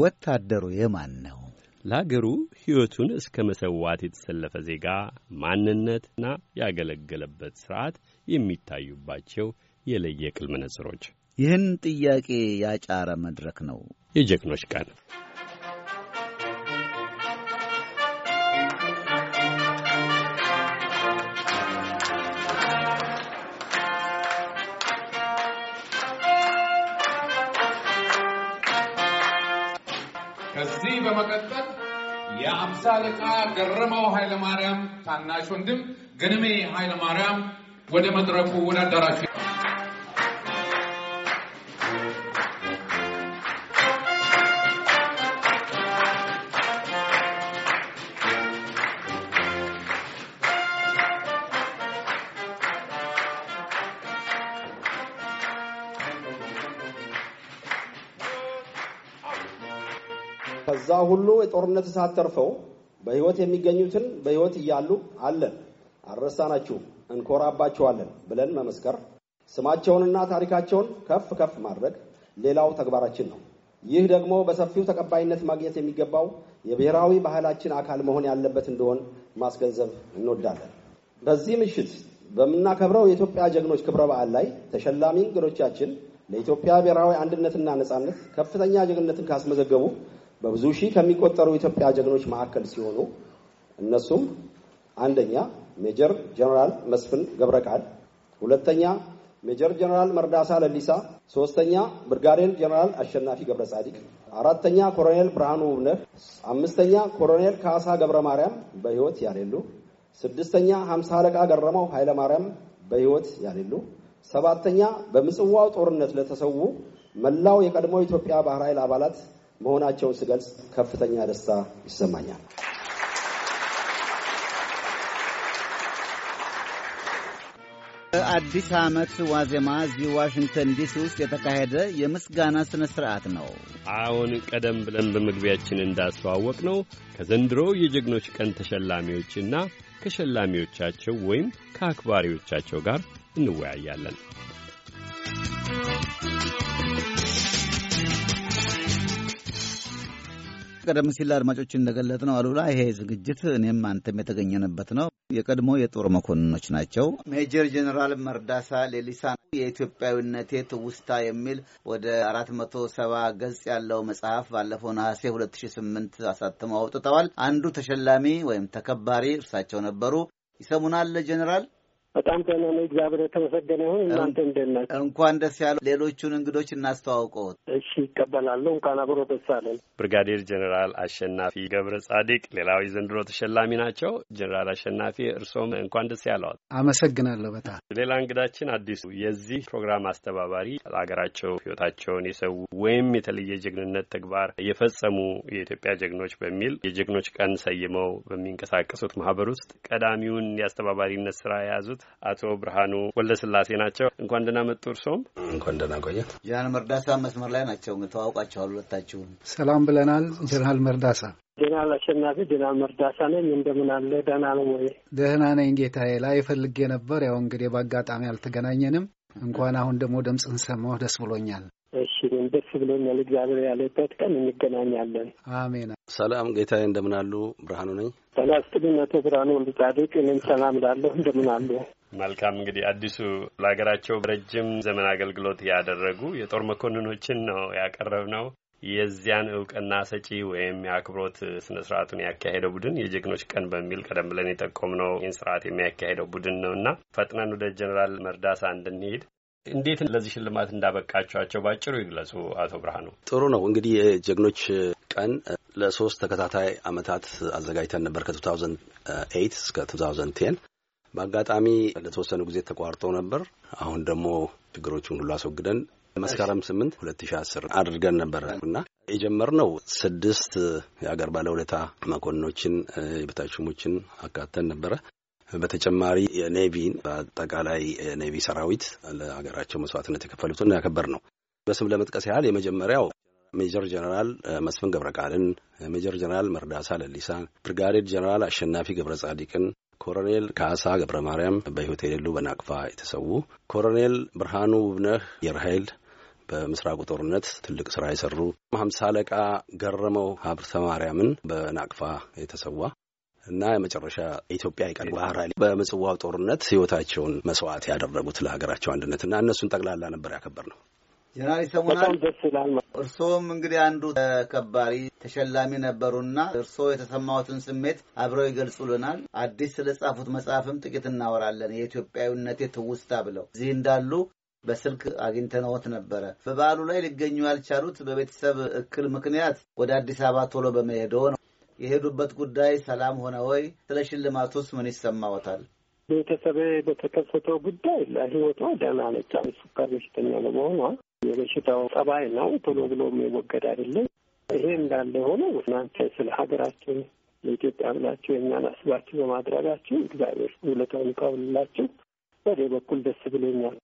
ወታደሩ የማን ነው? ለአገሩ ሕይወቱን እስከ መሰዋት የተሰለፈ ዜጋ ማንነትና ያገለገለበት ስርዓት የሚታዩባቸው የለየቅል መነጽሮች ይህን ጥያቄ ያጫረ መድረክ ነው የጀግኖች ቀን። የአምሳ አለቃ ገረመው ኃይለማርያም ታናሽ ወንድም ኃይለ ማርያም ወደ መድረኩ ወደ አዳራሹ ሁሉ የጦርነት እሳት ተርፈው በህይወት የሚገኙትን በህይወት እያሉ አለን፣ አልረሳናችሁም፣ እንኮራባቸዋለን ብለን መመስከር፣ ስማቸውንና ታሪካቸውን ከፍ ከፍ ማድረግ ሌላው ተግባራችን ነው። ይህ ደግሞ በሰፊው ተቀባይነት ማግኘት የሚገባው የብሔራዊ ባህላችን አካል መሆን ያለበት እንደሆን ማስገንዘብ እንወዳለን። በዚህ ምሽት በምናከብረው የኢትዮጵያ ጀግኖች ክብረ በዓል ላይ ተሸላሚ እንግዶቻችን ለኢትዮጵያ ብሔራዊ አንድነትና ነጻነት ከፍተኛ ጀግንነትን ካስመዘገቡ በብዙ ሺህ ከሚቆጠሩ የኢትዮጵያ ጀግኖች መካከል ሲሆኑ እነሱም አንደኛ ሜጀር ጀነራል መስፍን ገብረቃል፣ ሁለተኛ ሜጀር ጀነራል መርዳሳ ለሊሳ፣ ሶስተኛ ብርጋዴር ጀነራል አሸናፊ ገብረ ጻዲቅ፣ አራተኛ ኮሎኔል ብርሃኑ ውብነህ፣ አምስተኛ ኮሎኔል ካሳ ገብረ ማርያም በህይወት ያሌሉ፣ ስድስተኛ ሀምሳ አለቃ ገረመው ኃይለ ማርያም በህይወት ያሌሉ፣ ሰባተኛ በምጽዋው ጦርነት ለተሰዉ መላው የቀድሞ ኢትዮጵያ ባህር ኃይል አባላት መሆናቸውን ስገልጽ ከፍተኛ ደስታ ይሰማኛል። በአዲስ ዓመት ዋዜማ እዚህ ዋሽንግተን ዲሲ ውስጥ የተካሄደ የምስጋና ሥነ ሥርዓት ነው። አሁን ቀደም ብለን በመግቢያችን እንዳስተዋወቅ ነው ከዘንድሮ የጀግኖች ቀን ተሸላሚዎችና ከሸላሚዎቻቸው ወይም ከአክባሪዎቻቸው ጋር እንወያያለን። ቀደም ሲል አድማጮች እንደገለጥ ነው አሉላ፣ ይሄ ዝግጅት እኔም አንተም የተገኘንበት ነው። የቀድሞ የጦር መኮንኖች ናቸው። ሜጀር ጀኔራል መርዳሳ ሌሊሳ የኢትዮጵያዊነቴ ትውስታ የሚል ወደ አራት መቶ ሰባ ገጽ ያለው መጽሐፍ ባለፈው ነሐሴ ሁለት ሺ ስምንት አሳትመው አውጥተዋል። አንዱ ተሸላሚ ወይም ተከባሪ እርሳቸው ነበሩ። ይሰሙናል ጀኔራል? በጣም ደህና ነው። እግዚአብሔር የተመሰገነ ይሁን። እናንተ እንደት ናችሁ? እንኳን ደስ ያለው። ሌሎቹን እንግዶች እናስተዋውቀዎት። እሺ፣ ይቀበላለሁ። እንኳን አብሮ ደስ አለን። ብርጋዴር ጀኔራል አሸናፊ ገብረ ጻዲቅ ሌላው የዘንድሮ ተሸላሚ ናቸው። ጀኔራል አሸናፊ እርስዎም እንኳን ደስ ያለዎት። አመሰግናለሁ። በጣም ሌላ እንግዳችን አዲሱ የዚህ ፕሮግራም አስተባባሪ ለሀገራቸው ህይወታቸውን የሰው ወይም የተለየ ጀግንነት ተግባር የፈጸሙ የኢትዮጵያ ጀግኖች በሚል የጀግኖች ቀን ሰይመው በሚንቀሳቀሱት ማህበር ውስጥ ቀዳሚውን የአስተባባሪነት ስራ የያዙት አቶ ብርሃኑ ወልደስላሴ ናቸው። እንኳን ደህና መጡ። እርስዎም እንኳን ደህና ቆየት። ጀነራል መርዳሳ መስመር ላይ ናቸው። ተዋውቃችኋል ሁለታችሁም? ሰላም ብለናል። ጀነራል መርዳሳ ጀነራል አሸናፊ ጀነራል መርዳሳ ነኝ። እንደምን አለ? ደህና ነው ወይ? ደህና ነኝ ጌታዬ። ላይ ፈልጌ ነበር። ያው እንግዲህ በአጋጣሚ አልተገናኘንም። እንኳን አሁን ደግሞ ድምፅህን ሰማሁ፣ ደስ ብሎኛል። እሺ እኔም ደስ ብሎኛል። እግዚአብሔር ያለበት ቀን እንገናኛለን። አሜን። ሰላም ጌታዬ፣ እንደምን አሉ? ብርሃኑ ነኝ። ጤና ይስጥልኝ አቶ ብርሃኑ ወልደ እኔም ሰላም እላለሁ። እንደምን አሉ? መልካም እንግዲህ አዲሱ ለሀገራቸው ረጅም ዘመን አገልግሎት ያደረጉ የጦር መኮንኖችን ነው ያቀረብ ነው። የዚያን እውቅና ሰጪ ወይም የአክብሮት ስነ ስርዓቱን ያካሄደው ቡድን የጀግኖች ቀን በሚል ቀደም ብለን የጠቆምነው ይህን ስርዓት የሚያካሄደው ቡድን ነው እና ፈጥነን ወደ ጀኔራል መርዳሳ እንድንሄድ እንዴት ለዚህ ሽልማት እንዳበቃቸዋቸው ባጭሩ ይግለጹ አቶ ብርሃኑ። ጥሩ ነው እንግዲህ የጀግኖች ቀን ለሶስት ተከታታይ አመታት አዘጋጅተን ነበር ከ2008 እስከ 2010 በአጋጣሚ ለተወሰኑ ጊዜ ተቋርጦ ነበር። አሁን ደግሞ ችግሮቹን ሁሉ አስወግደን መስከረም ስምንት ሁለት ሺ አስር አድርገን ነበረ እና የጀመርነው ስድስት የአገር ባለውለታ መኮንኖችን የበታች ሹሞችን አካተን ነበረ። በተጨማሪ የኔቪን በአጠቃላይ የኔቪ ሰራዊት ለሀገራቸው መስዋዕትነት የከፈሉትን ያከበር ነው። በስም ለመጥቀስ ያህል የመጀመሪያው ሜጀር ጀነራል መስፍን ገብረ ቃልን፣ ሜጀር ጀነራል መርዳሳ ለሊሳ ብርጋዴር ጀነራል አሸናፊ ገብረ ጻዲቅን ኮሎኔል ካሳ ገብረ ማርያም በህይወት የሌሉ በናቅፋ የተሰዉ ኮሎኔል ብርሃኑ ውብነህ የር በምስራቁ ጦርነት ትልቅ ስራ የሰሩ ሀምሳ አለቃ ገረመው ሀብተ ማርያምን በናቅፋ የተሰዋ እና የመጨረሻ ኢትዮጵያ የቀን ባህራዊ በምጽዋው ጦርነት ህይወታቸውን መስዋዕት ያደረጉት ለሀገራቸው አንድነት እና እነሱን ጠቅላላ ነበር ያከበር ነው። ጀነራል ይሰሙናል። ደስ ይላል። እርስዎም እንግዲህ አንዱ ተከባሪ ተሸላሚ ነበሩና እርስዎ የተሰማሁትን ስሜት አብረው ይገልጹልናል። አዲስ ስለጻፉት መጽሐፍም ጥቂት እናወራለን። የኢትዮጵያዊነቴ ትውስታ ብለው እዚህ እንዳሉ በስልክ አግኝተነዎት ነበረ። በበዓሉ ላይ ሊገኙ ያልቻሉት በቤተሰብ እክል ምክንያት ወደ አዲስ አበባ ቶሎ በመሄደው ነው። የሄዱበት ጉዳይ ሰላም ሆነ ወይ? ስለ ሽልማቱስ ምን ይሰማዎታል? ቤተሰቤ በተከሰተው ጉዳይ ለህይወቷ ደህና ነች። ስኳር በሽተኛ ለመሆኗ የበሽታው ጸባይ ነው፣ ቶሎ ብሎ የወገድ አይደለም። ይሄ እንዳለ ሆኖ እናንተ ስለ ሀገራችን ለኢትዮጵያ ብላችሁ የእኛን አስባችሁ በማድረጋችሁ እግዚአብሔር ውለታውን ይካውልላችሁ። በእኔ በኩል ደስ ብሎኛል።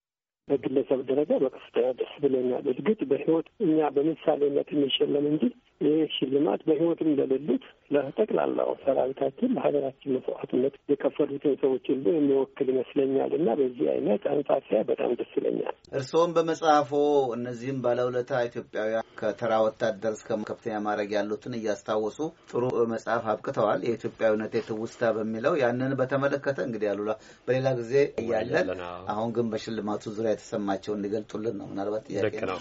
በግለሰብ ደረጃ በከፍተኛ ደስ ብሎኛል። እርግጥ በህይወት እኛ በምሳሌነት የሚሸለም እንጂ ይህ ሽልማት በህይወት እንደሌሉት ለጠቅላላው ሰራዊታችን ለሀገራችን መስዋዕትነት የከፈሉትን ሰዎች ሁሉ የሚወክል ይመስለኛል እና በዚህ አይነት አንጻፊያ በጣም ደስ ይለኛል። እርስዎም በመጽሐፎ እነዚህም ባለውለታ ኢትዮጵያውያን ከተራ ወታደር እስከ ከፍተኛ ማድረግ ያሉትን እያስታወሱ ጥሩ መጽሐፍ አብቅተዋል። የኢትዮጵያዊነት የትውስታ በሚለው ያንን በተመለከተ እንግዲህ አሉላ በሌላ ጊዜ እያለን አሁን ግን በሽልማቱ ዙሪያ የተሰማቸውን ሊገልጡልን ነው ምናልባት ጥያቄ ነው።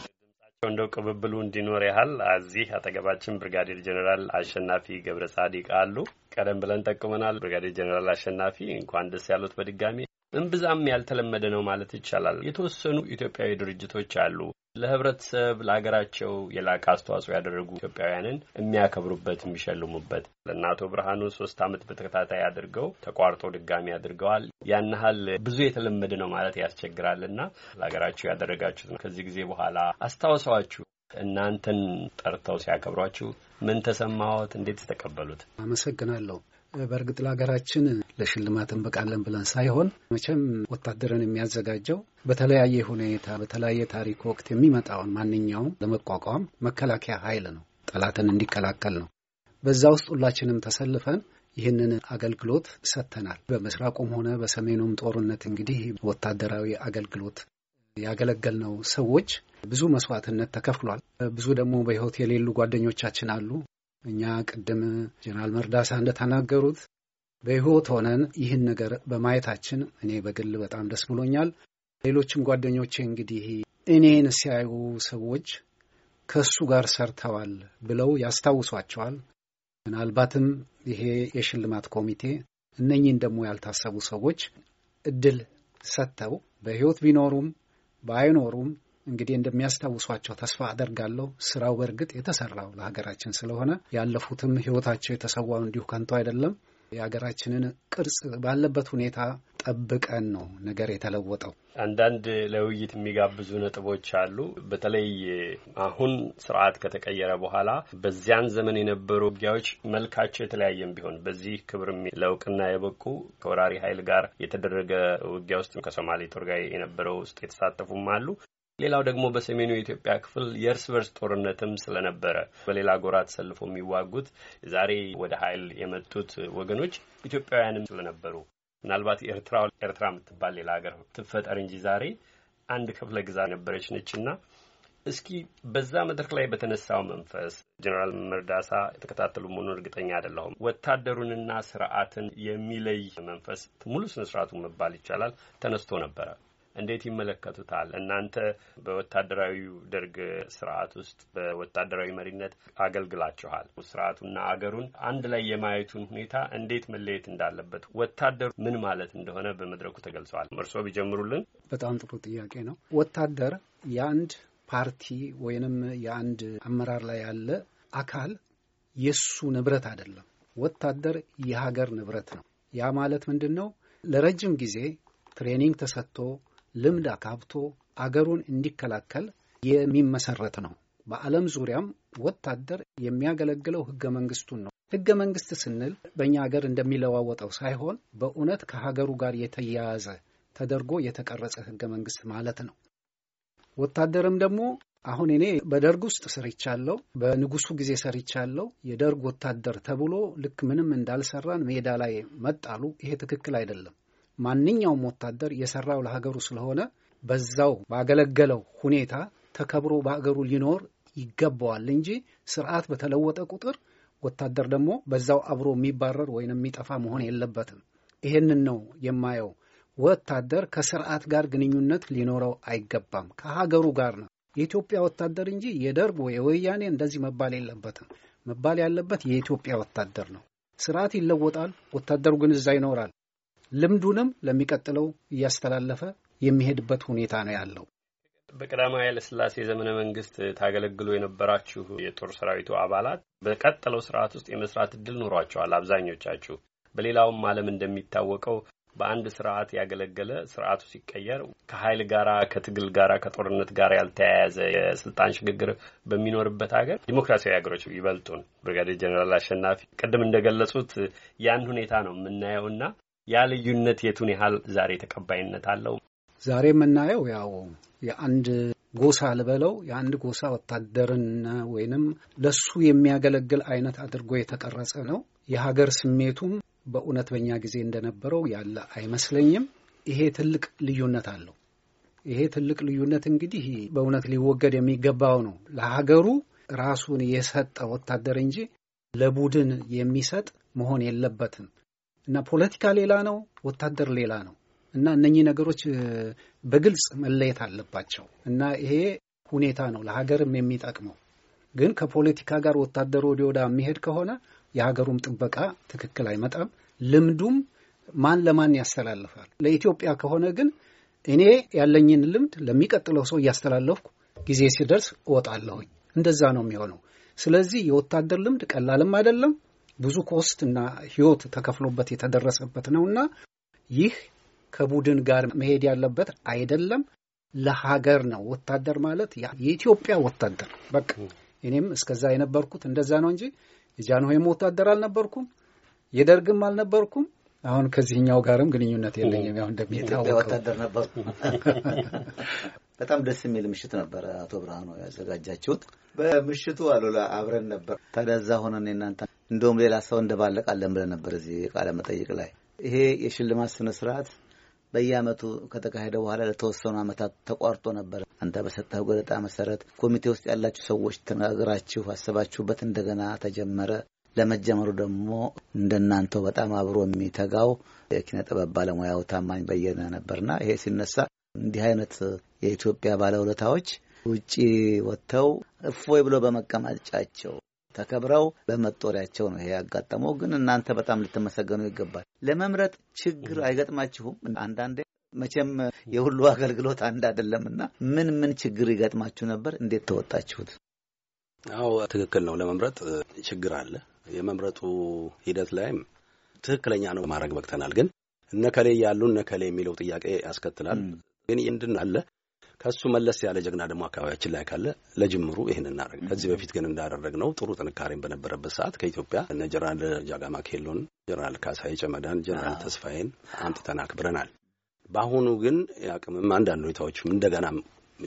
እንደው ቅብብሉ እንዲኖር ያህል እዚህ አጠገባችን ብርጋዴር ጀኔራል አሸናፊ ገብረ ጻዲቅ አሉ። ቀደም ብለን ጠቁመናል። ብርጋዴር ጀኔራል አሸናፊ እንኳን ደስ ያሉት በድጋሚ እምብዛም ያልተለመደ ነው ማለት ይቻላል። የተወሰኑ ኢትዮጵያዊ ድርጅቶች አሉ ለህብረተሰብ ለሀገራቸው የላቀ አስተዋጽኦ ያደረጉ ኢትዮጵያውያንን የሚያከብሩበት የሚሸልሙበት። ለእነ አቶ ብርሃኑ ሶስት ዓመት በተከታታይ አድርገው ተቋርጦ ድጋሚ አድርገዋል። ያን ያህል ብዙ የተለመደ ነው ማለት ያስቸግራልና ለሀገራቸው ያደረጋችሁት ነው። ከዚህ ጊዜ በኋላ አስታውሰዋችሁ እናንተን ጠርተው ሲያከብሯችሁ ምን ተሰማዎት? እንዴት ተቀበሉት? አመሰግናለሁ። በእርግጥ ለሀገራችን ለሽልማት እንበቃለን ብለን ሳይሆን መቼም ወታደርን የሚያዘጋጀው በተለያየ ሁኔታ በተለያየ ታሪክ ወቅት የሚመጣውን ማንኛውም ለመቋቋም መከላከያ ኃይል ነው፣ ጠላትን እንዲከላከል ነው። በዛ ውስጥ ሁላችንም ተሰልፈን ይህንን አገልግሎት ሰጥተናል። በምስራቁም ሆነ በሰሜኑም ጦርነት እንግዲህ ወታደራዊ አገልግሎት ያገለገልነው ሰዎች ብዙ መስዋዕትነት ተከፍሏል። ብዙ ደግሞ በሕይወት የሌሉ ጓደኞቻችን አሉ። እኛ ቅድም ጀነራል መርዳሳ እንደተናገሩት በሕይወት ሆነን ይህን ነገር በማየታችን እኔ በግል በጣም ደስ ብሎኛል። ሌሎችም ጓደኞቼ እንግዲህ እኔን ሲያዩ ሰዎች ከእሱ ጋር ሰርተዋል ብለው ያስታውሷቸዋል። ምናልባትም ይሄ የሽልማት ኮሚቴ እነኚህን ደግሞ ያልታሰቡ ሰዎች እድል ሰጥተው በሕይወት ቢኖሩም ባይኖሩም እንግዲህ እንደሚያስታውሷቸው ተስፋ አደርጋለሁ። ስራው በእርግጥ የተሰራው ለሀገራችን ስለሆነ ያለፉትም ህይወታቸው የተሰዋው እንዲሁ ከንቱ አይደለም። የሀገራችንን ቅርጽ ባለበት ሁኔታ ጠብቀን ነው ነገር የተለወጠው። አንዳንድ ለውይይት የሚጋብዙ ነጥቦች አሉ። በተለይ አሁን ስርዓት ከተቀየረ በኋላ በዚያን ዘመን የነበሩ ውጊያዎች መልካቸው የተለያየም ቢሆን በዚህ ክብር ለእውቅና የበቁ ከወራሪ ኃይል ጋር የተደረገ ውጊያ ውስጥ ከሶማሌ ጦር ጋር የነበረው ውስጥ የተሳተፉም አሉ። ሌላው ደግሞ በሰሜኑ የኢትዮጵያ ክፍል የእርስ በርስ ጦርነትም ስለነበረ በሌላ ጎራ ተሰልፎ የሚዋጉት ዛሬ ወደ ኃይል የመጡት ወገኖች ኢትዮጵያውያንም ስለነበሩ ምናልባት ኤርትራ ኤርትራ የምትባል ሌላ ሀገር ትፈጠር እንጂ ዛሬ አንድ ክፍለ ግዛ ነበረች ነችና እስኪ በዛ መድረክ ላይ በተነሳው መንፈስ ጀኔራል መርዳሳ የተከታተሉ መሆኑን እርግጠኛ አይደለሁም። ወታደሩንና ስርዓትን የሚለይ መንፈስ ሙሉ ስነስርዓቱ መባል ይቻላል ተነስቶ ነበረ። እንዴት ይመለከቱታል? እናንተ በወታደራዊ ደርግ ስርዓት ውስጥ በወታደራዊ መሪነት አገልግላችኋል። ስርዓቱና አገሩን አንድ ላይ የማየቱን ሁኔታ እንዴት መለየት እንዳለበት ወታደሩ ምን ማለት እንደሆነ በመድረኩ ተገልጸዋል። እርስዎ ቢጀምሩልን። በጣም ጥሩ ጥያቄ ነው። ወታደር የአንድ ፓርቲ ወይንም የአንድ አመራር ላይ ያለ አካል የሱ ንብረት አይደለም። ወታደር የሀገር ንብረት ነው። ያ ማለት ምንድን ነው? ለረጅም ጊዜ ትሬኒንግ ተሰጥቶ ልምድ አካብቶ አገሩን እንዲከላከል የሚመሰረት ነው። በዓለም ዙሪያም ወታደር የሚያገለግለው ህገ መንግስቱን ነው። ህገ መንግስት ስንል በእኛ ሀገር እንደሚለዋወጠው ሳይሆን በእውነት ከሀገሩ ጋር የተያያዘ ተደርጎ የተቀረጸ ህገ መንግስት ማለት ነው። ወታደርም ደግሞ አሁን እኔ በደርግ ውስጥ ሰርቻለሁ፣ በንጉሱ ጊዜ ሰርቻለሁ፣ የደርግ ወታደር ተብሎ ልክ ምንም እንዳልሰራን ሜዳ ላይ መጣሉ፣ ይሄ ትክክል አይደለም። ማንኛውም ወታደር የሰራው ለሀገሩ ስለሆነ በዛው ባገለገለው ሁኔታ ተከብሮ በሀገሩ ሊኖር ይገባዋል እንጂ ስርዓት በተለወጠ ቁጥር ወታደር ደግሞ በዛው አብሮ የሚባረር ወይም የሚጠፋ መሆን የለበትም። ይሄንን ነው የማየው። ወታደር ከስርዓት ጋር ግንኙነት ሊኖረው አይገባም። ከሀገሩ ጋር ነው የኢትዮጵያ ወታደር እንጂ የደርግ የወያኔ እንደዚህ መባል የለበትም። መባል ያለበት የኢትዮጵያ ወታደር ነው። ስርዓት ይለወጣል፣ ወታደሩ ግን እዛ ይኖራል። ልምዱንም ለሚቀጥለው እያስተላለፈ የሚሄድበት ሁኔታ ነው ያለው። በቀዳማዊ ኃይለሥላሴ ዘመነ መንግስት ታገለግሉ የነበራችሁ የጦር ሰራዊቱ አባላት በቀጠለው ስርዓት ውስጥ የመስራት እድል ኑሯቸዋል። አብዛኞቻችሁ በሌላውም ዓለም እንደሚታወቀው በአንድ ስርዓት ያገለገለ ስርዓቱ ሲቀየር ከኃይል ጋራ ከትግል ጋራ ከጦርነት ጋር ያልተያያዘ የስልጣን ሽግግር በሚኖርበት ሀገር ዲሞክራሲያዊ ሀገሮች ይበልጡን ብርጋዴር ጀኔራል አሸናፊ ቅድም እንደገለጹት ያን ሁኔታ ነው የምናየውና ያ ልዩነት የቱን ያህል ዛሬ ተቀባይነት አለው? ዛሬ የምናየው ያው የአንድ ጎሳ ልበለው የአንድ ጎሳ ወታደርን ወይንም ለሱ የሚያገለግል አይነት አድርጎ የተቀረጸ ነው። የሀገር ስሜቱም በእውነት በኛ ጊዜ እንደነበረው ያለ አይመስለኝም። ይሄ ትልቅ ልዩነት አለው። ይሄ ትልቅ ልዩነት እንግዲህ በእውነት ሊወገድ የሚገባው ነው። ለሀገሩ ራሱን የሰጠ ወታደር እንጂ ለቡድን የሚሰጥ መሆን የለበትም። እና ፖለቲካ ሌላ ነው፣ ወታደር ሌላ ነው እና እነኚህ ነገሮች በግልጽ መለየት አለባቸው እና ይሄ ሁኔታ ነው ለሀገርም የሚጠቅመው። ግን ከፖለቲካ ጋር ወታደር ወደ ወዳ የሚሄድ ከሆነ የሀገሩም ጥበቃ ትክክል አይመጣም። ልምዱም ማን ለማን ያስተላልፋል? ለኢትዮጵያ ከሆነ ግን እኔ ያለኝን ልምድ ለሚቀጥለው ሰው እያስተላለፍኩ ጊዜ ሲደርስ እወጣለሁኝ። እንደዛ ነው የሚሆነው። ስለዚህ የወታደር ልምድ ቀላልም አይደለም። ብዙ ኮስት እና ህይወት ተከፍሎበት የተደረሰበት ነው እና ይህ ከቡድን ጋር መሄድ ያለበት አይደለም። ለሀገር ነው። ወታደር ማለት የኢትዮጵያ ወታደር በቃ እኔም እስከዛ የነበርኩት እንደዛ ነው እንጂ የጃንሆይም ወታደር አልነበርኩም፣ የደርግም አልነበርኩም። አሁን ከዚህኛው ጋርም ግንኙነት የለኝም። ያው እንደሚታወቀው ወታደር ነበርኩ። በጣም ደስ የሚል ምሽት ነበረ አቶ ብርሃኑ ያዘጋጃችሁት። በምሽቱ አሉላ አብረን ነበር። ታዲያ እዛ ሆነን እናንተ እንደውም ሌላ ሰው እንደባለቃለን ብለን ነበር እዚህ ቃለ መጠይቅ ላይ። ይሄ የሽልማት ስነ ስርዓት በየአመቱ ከተካሄደ በኋላ ለተወሰኑ አመታት ተቋርጦ ነበር። አንተ በሰጠህ ገለጣ መሰረት ኮሚቴ ውስጥ ያላችሁ ሰዎች ተነጋግራችሁ አስባችሁበት እንደገና ተጀመረ። ለመጀመሩ ደግሞ እንደናንተው በጣም አብሮ የሚተጋው የኪነ ጥበብ ባለሙያው ታማኝ በየነ ነበርና ይሄ ሲነሳ እንዲህ አይነት የኢትዮጵያ ባለውለታዎች ውጪ ወጥተው እፎይ ብሎ በመቀመጫቸው ተከብረው በመጦሪያቸው ነው ይሄ ያጋጠመው። ግን እናንተ በጣም ልትመሰገኑ ይገባል። ለመምረጥ ችግር አይገጥማችሁም? አንዳንዴ መቼም የሁሉ አገልግሎት አንድ እና ምን ምን ችግር ይገጥማችሁ ነበር? እንዴት ተወጣችሁት? አዎ ትክክል ነው። ለመምረጥ ችግር አለ። የመምረጡ ሂደት ላይም ትክክለኛ ነው ማድረግ በቅተናል። ግን እነከሌ ያሉ እነከሌ የሚለው ጥያቄ ያስከትላል። ግን ይንድን አለ ከሱ መለስ ያለ ጀግና ደግሞ አካባቢያችን ላይ ካለ ለጅምሩ ይህን እናደርግ። ከዚህ በፊት ግን እንዳደረግነው ጥሩ ጥንካሬን በነበረበት ሰዓት ከኢትዮጵያ እነ ጀነራል ጃጋማ ኬሎን፣ ጀነራል ካሳይ ጨመዳን፣ ጀነራል ተስፋዬን አምጥተን አክብረናል። በአሁኑ ግን የአቅምም አንዳንድ ሁኔታዎችም እንደገና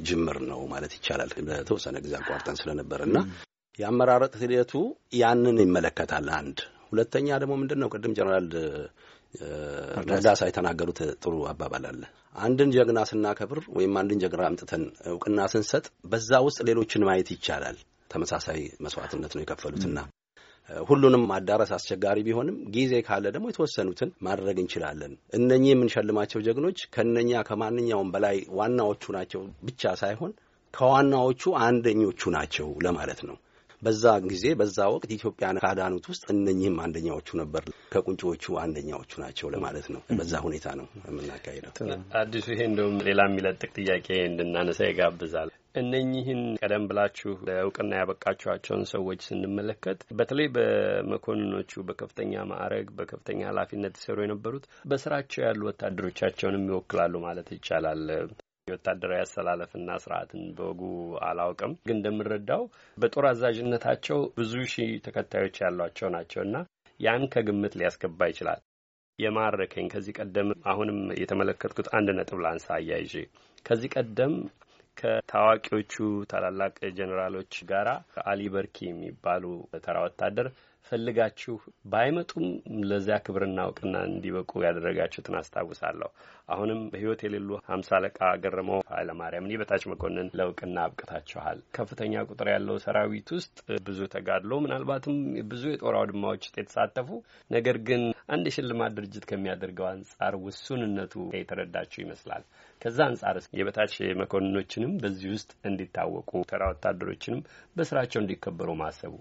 ጅምር ነው ማለት ይቻላል። ለተወሰነ ጊዜ አቋርጠን ስለነበር እና የአመራረጥ ሂደቱ ያንን ይመለከታል። አንድ ሁለተኛ ደግሞ ምንድን ነው ቅድም ጀነራል ረዳሳ የተናገሩት ጥሩ አባባል አለ። አንድን ጀግና ስናከብር ወይም አንድን ጀግና አምጥተን እውቅና ስንሰጥ በዛ ውስጥ ሌሎችን ማየት ይቻላል። ተመሳሳይ መስዋዕትነት ነው የከፈሉትና ሁሉንም ማዳረስ አስቸጋሪ ቢሆንም ጊዜ ካለ ደግሞ የተወሰኑትን ማድረግ እንችላለን። እነኚህ የምንሸልማቸው ጀግኖች ከነኛ ከማንኛውም በላይ ዋናዎቹ ናቸው ብቻ ሳይሆን ከዋናዎቹ አንደኞቹ ናቸው ለማለት ነው። በዛ ጊዜ በዛ ወቅት ኢትዮጵያን ካዳኑት ውስጥ እነኚህም አንደኛዎቹ ነበር። ከቁንጮዎቹ አንደኛዎቹ ናቸው ለማለት ነው። በዛ ሁኔታ ነው የምናካሄደው። አዲሱ ይሄ እንደውም ሌላ የሚለጥቅ ጥያቄ እንድናነሳ ይጋብዛል። እነኚህን ቀደም ብላችሁ ለእውቅና ያበቃችኋቸውን ሰዎች ስንመለከት በተለይ በመኮንኖቹ በከፍተኛ ማዕረግ በከፍተኛ ኃላፊነት ሲሰሩ የነበሩት በስራቸው ያሉ ወታደሮቻቸውንም ይወክላሉ ማለት ይቻላል። የወታደራዊ አሰላለፍና ስርዓትን በወጉ አላውቅም፣ ግን እንደምንረዳው በጦር አዛዥነታቸው ብዙ ሺህ ተከታዮች ያሏቸው ናቸውና ያን ከግምት ሊያስገባ ይችላል። የማረከኝ ከዚህ ቀደም አሁንም የተመለከትኩት አንድ ነጥብ ላንሳ አያይዤ ከዚህ ቀደም ከታዋቂዎቹ ታላላቅ ጀኔራሎች ጋራ አሊ በርኪ የሚባሉ ተራ ወታደር ፈልጋችሁ ባይመጡም ለዚያ ክብርና እውቅና እንዲበቁ ያደረጋችሁትን አስታውሳለሁ። አሁንም በህይወት የሌሉ ሀምሳ አለቃ ገረመው ኃይለማርያም እኔ በታች መኮንን ለእውቅና አብቅታችኋል። ከፍተኛ ቁጥር ያለው ሰራዊት ውስጥ ብዙ ተጋድሎ ምናልባትም ብዙ የጦር አውድማዎች ውስጥ የተሳተፉ ነገር ግን አንድ የሽልማት ድርጅት ከሚያደርገው አንጻር ውሱንነቱ የተረዳችው ይመስላል። ከዛ አንጻር የበታች መኮንኖችንም በዚህ ውስጥ እንዲታወቁ ተራ ወታደሮችንም በስራቸው እንዲከበሩ ማሰቡ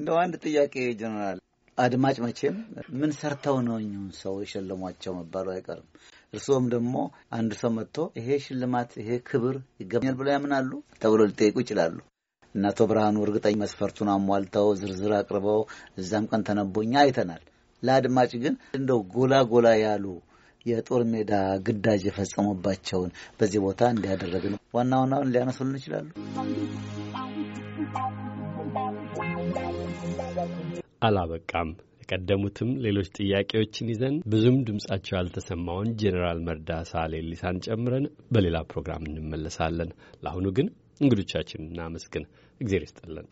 እንደው አንድ ጥያቄ ጀነራል አድማጭ መቼም ምን ሰርተው ነው እኙን ሰው የሸለሟቸው መባሉ አይቀርም። እርስዎም ደግሞ አንድ ሰው መጥቶ ይሄ ሽልማት ይሄ ክብር ይገባኛል ብለው ያምናሉ ተብሎ ሊጠይቁ ይችላሉ። እና አቶ ብርሃኑ እርግጠኛ መስፈርቱን አሟልተው ዝርዝር አቅርበው እዛም ቀን ተነቦኛ አይተናል። ለአድማጭ ግን እንደው ጎላ ጎላ ያሉ የጦር ሜዳ ግዳጅ የፈጸሙባቸውን በዚህ ቦታ እንዲያደረግ ነው ዋና ዋናውን ሊያነሱልን ይችላሉ። አላበቃም። የቀደሙትም ሌሎች ጥያቄዎችን ይዘን ብዙም ድምጻቸው ያልተሰማውን ጄኔራል መርዳሳ ሌሊሳን ጨምረን በሌላ ፕሮግራም እንመለሳለን። ለአሁኑ ግን እንግዶቻችን እናመስግን። እግዜር ይስጥልን።